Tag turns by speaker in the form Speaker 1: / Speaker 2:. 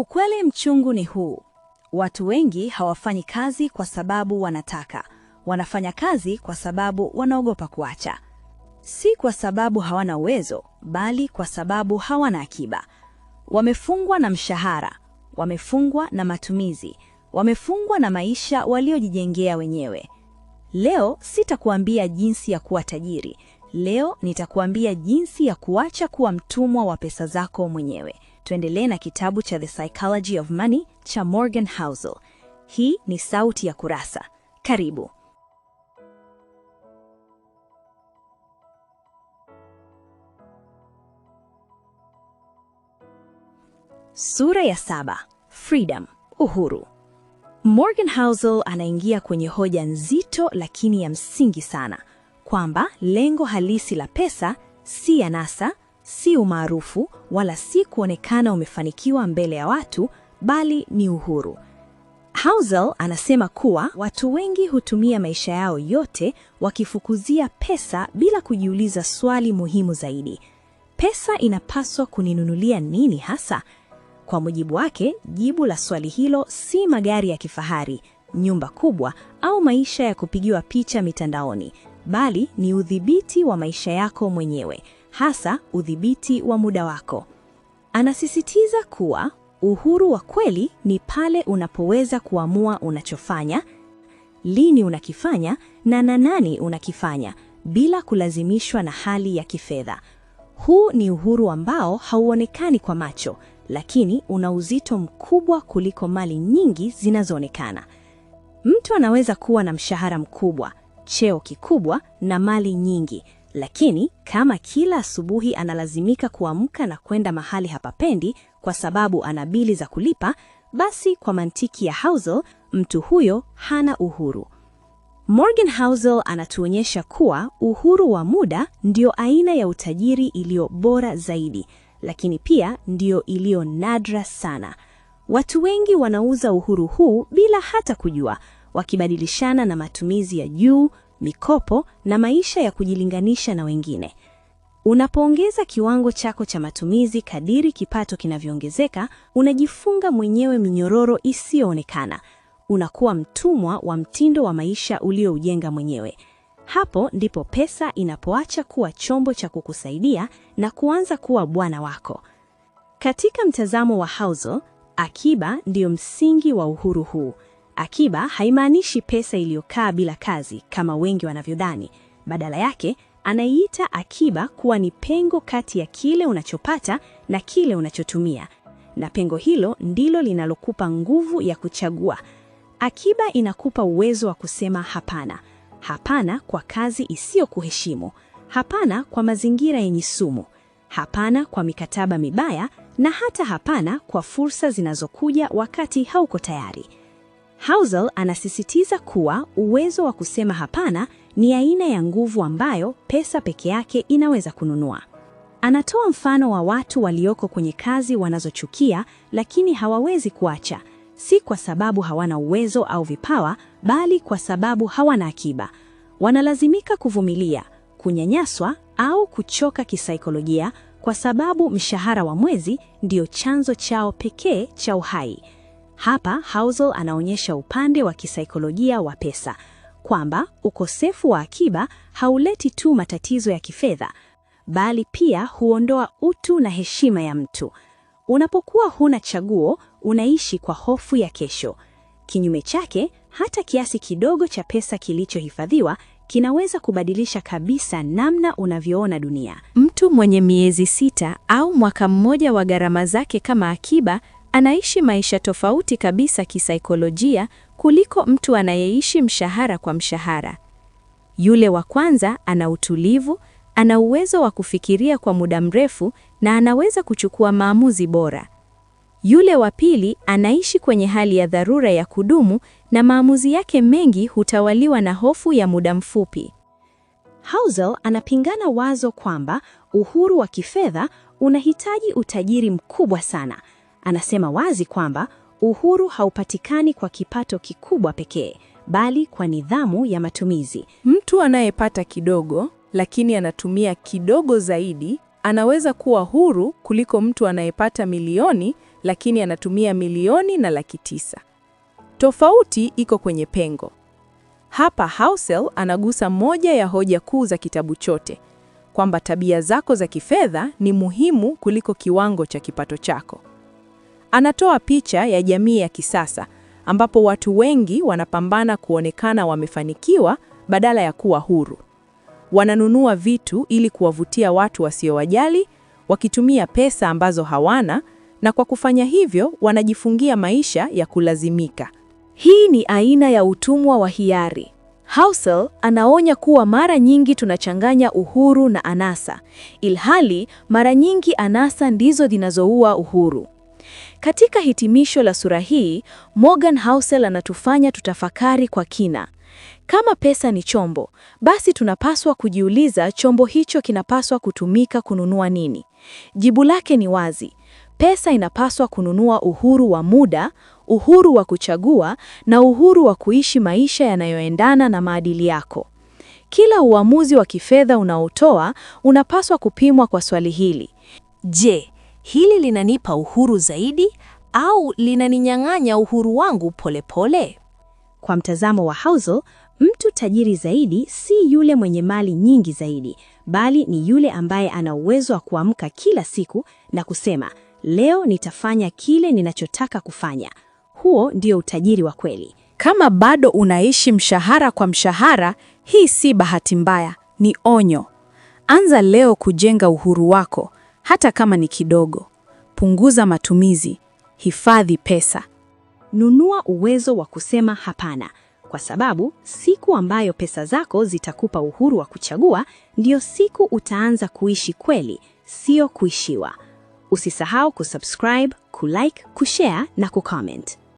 Speaker 1: Ukweli mchungu ni huu: watu wengi hawafanyi kazi kwa sababu wanataka, wanafanya kazi kwa sababu wanaogopa kuacha, si kwa sababu hawana uwezo, bali kwa sababu hawana akiba. Wamefungwa na mshahara, wamefungwa na matumizi, wamefungwa na maisha waliojijengea wenyewe. Leo sitakuambia jinsi ya kuwa tajiri. Leo nitakuambia jinsi ya kuacha kuwa mtumwa wa pesa zako mwenyewe tuendelee na kitabu cha The Psychology of Money cha Morgan Housel. Hii ni Sauti ya Kurasa. Karibu. Sura ya saba: Freedom, uhuru. Morgan Housel anaingia kwenye hoja nzito lakini ya msingi sana, kwamba lengo halisi la pesa si anasa si umaarufu wala si kuonekana umefanikiwa mbele ya watu, bali ni uhuru. Housel anasema kuwa watu wengi hutumia maisha yao yote wakifukuzia pesa bila kujiuliza swali muhimu zaidi. Pesa inapaswa kuninunulia nini hasa? Kwa mujibu wake, jibu la swali hilo si magari ya kifahari, nyumba kubwa au maisha ya kupigiwa picha mitandaoni, bali ni udhibiti wa maisha yako mwenyewe hasa udhibiti wa muda wako. Anasisitiza kuwa uhuru wa kweli ni pale unapoweza kuamua unachofanya, lini unakifanya na na nani unakifanya bila kulazimishwa na hali ya kifedha. Huu ni uhuru ambao hauonekani kwa macho, lakini una uzito mkubwa kuliko mali nyingi zinazoonekana. Mtu anaweza kuwa na mshahara mkubwa, cheo kikubwa na mali nyingi lakini kama kila asubuhi analazimika kuamka na kwenda mahali hapapendi kwa sababu ana bili za kulipa, basi kwa mantiki ya Housel, mtu huyo hana uhuru. Morgan Housel anatuonyesha kuwa uhuru wa muda ndio aina ya utajiri iliyo bora zaidi, lakini pia ndio iliyo nadra sana. Watu wengi wanauza uhuru huu bila hata kujua, wakibadilishana na matumizi ya juu, mikopo na maisha ya kujilinganisha na wengine. Unapoongeza kiwango chako cha matumizi kadiri kipato kinavyoongezeka, unajifunga mwenyewe minyororo isiyoonekana. Unakuwa mtumwa wa mtindo wa maisha ulioujenga mwenyewe. Hapo ndipo pesa inapoacha kuwa chombo cha kukusaidia na kuanza kuwa bwana wako. Katika mtazamo wa Housel, akiba ndiyo msingi wa uhuru huu. Akiba haimaanishi pesa iliyokaa bila kazi kama wengi wanavyodhani. Badala yake, anaiita akiba kuwa ni pengo kati ya kile unachopata na kile unachotumia, na pengo hilo ndilo linalokupa nguvu ya kuchagua. Akiba inakupa uwezo wa kusema hapana. Hapana kwa kazi isiyokuheshimu, hapana kwa mazingira yenye sumu, hapana kwa mikataba mibaya, na hata hapana kwa fursa zinazokuja wakati hauko tayari. Housel anasisitiza kuwa uwezo wa kusema hapana ni aina ya nguvu ambayo pesa peke yake inaweza kununua. Anatoa mfano wa watu walioko kwenye kazi wanazochukia lakini hawawezi kuacha, si kwa sababu hawana uwezo au vipawa, bali kwa sababu hawana akiba. Wanalazimika kuvumilia, kunyanyaswa au kuchoka kisaikolojia kwa sababu mshahara wa mwezi ndio chanzo chao pekee cha uhai. Hapa Housel anaonyesha upande wa kisaikolojia wa pesa, kwamba ukosefu wa akiba hauleti tu matatizo ya kifedha, bali pia huondoa utu na heshima ya mtu. Unapokuwa huna chaguo, unaishi kwa hofu ya kesho. Kinyume chake, hata kiasi kidogo cha pesa kilichohifadhiwa kinaweza kubadilisha kabisa namna unavyoona dunia.
Speaker 2: Mtu mwenye miezi sita au mwaka mmoja wa gharama zake kama akiba anaishi maisha tofauti kabisa kisaikolojia kuliko mtu anayeishi mshahara kwa mshahara. Yule wa kwanza ana utulivu, ana uwezo wa kufikiria kwa muda mrefu na anaweza kuchukua maamuzi bora. Yule wa pili anaishi kwenye hali ya dharura ya kudumu na maamuzi yake mengi hutawaliwa na hofu ya muda mfupi. Housel anapingana wazo kwamba uhuru wa kifedha unahitaji utajiri mkubwa sana Anasema wazi kwamba uhuru haupatikani kwa kipato kikubwa pekee, bali kwa nidhamu ya matumizi.
Speaker 3: Mtu anayepata kidogo lakini anatumia kidogo zaidi anaweza kuwa huru kuliko mtu anayepata milioni lakini anatumia milioni na laki tisa. Tofauti iko kwenye pengo. Hapa Housel anagusa moja ya hoja kuu za kitabu chote, kwamba tabia zako za kifedha ni muhimu kuliko kiwango cha kipato chako. Anatoa picha ya jamii ya kisasa ambapo watu wengi wanapambana kuonekana wamefanikiwa badala ya kuwa huru. Wananunua vitu ili kuwavutia watu wasiowajali, wakitumia pesa ambazo hawana, na kwa kufanya hivyo wanajifungia maisha ya kulazimika.
Speaker 1: Hii ni aina ya utumwa wa hiari. hausel anaonya kuwa mara nyingi tunachanganya uhuru na anasa, ilhali mara nyingi anasa ndizo zinazoua uhuru. Katika hitimisho la sura hii, Morgan Housel anatufanya tutafakari kwa kina. Kama pesa ni chombo, basi tunapaswa kujiuliza chombo hicho kinapaswa kutumika kununua nini? Jibu lake ni wazi. Pesa inapaswa kununua uhuru wa muda, uhuru wa kuchagua na uhuru wa kuishi maisha yanayoendana na maadili yako. Kila uamuzi wa kifedha unaotoa unapaswa kupimwa kwa swali hili.
Speaker 4: Je, hili linanipa uhuru zaidi au linaninyang'anya uhuru wangu polepole pole?
Speaker 2: Kwa mtazamo wa Housel, mtu tajiri zaidi si yule mwenye mali nyingi zaidi, bali ni yule ambaye ana uwezo wa kuamka kila siku na kusema, leo nitafanya kile ninachotaka kufanya. Huo ndio utajiri wa kweli.
Speaker 5: Kama bado unaishi mshahara kwa mshahara, hii si bahati mbaya, ni onyo. Anza leo kujenga uhuru wako hata kama ni kidogo. Punguza matumizi, hifadhi pesa.
Speaker 2: Nunua uwezo wa kusema hapana, kwa sababu siku ambayo pesa zako zitakupa uhuru wa kuchagua ndio siku utaanza kuishi kweli, sio kuishiwa. Usisahau kusubscribe, kulike, kushare na kucomment.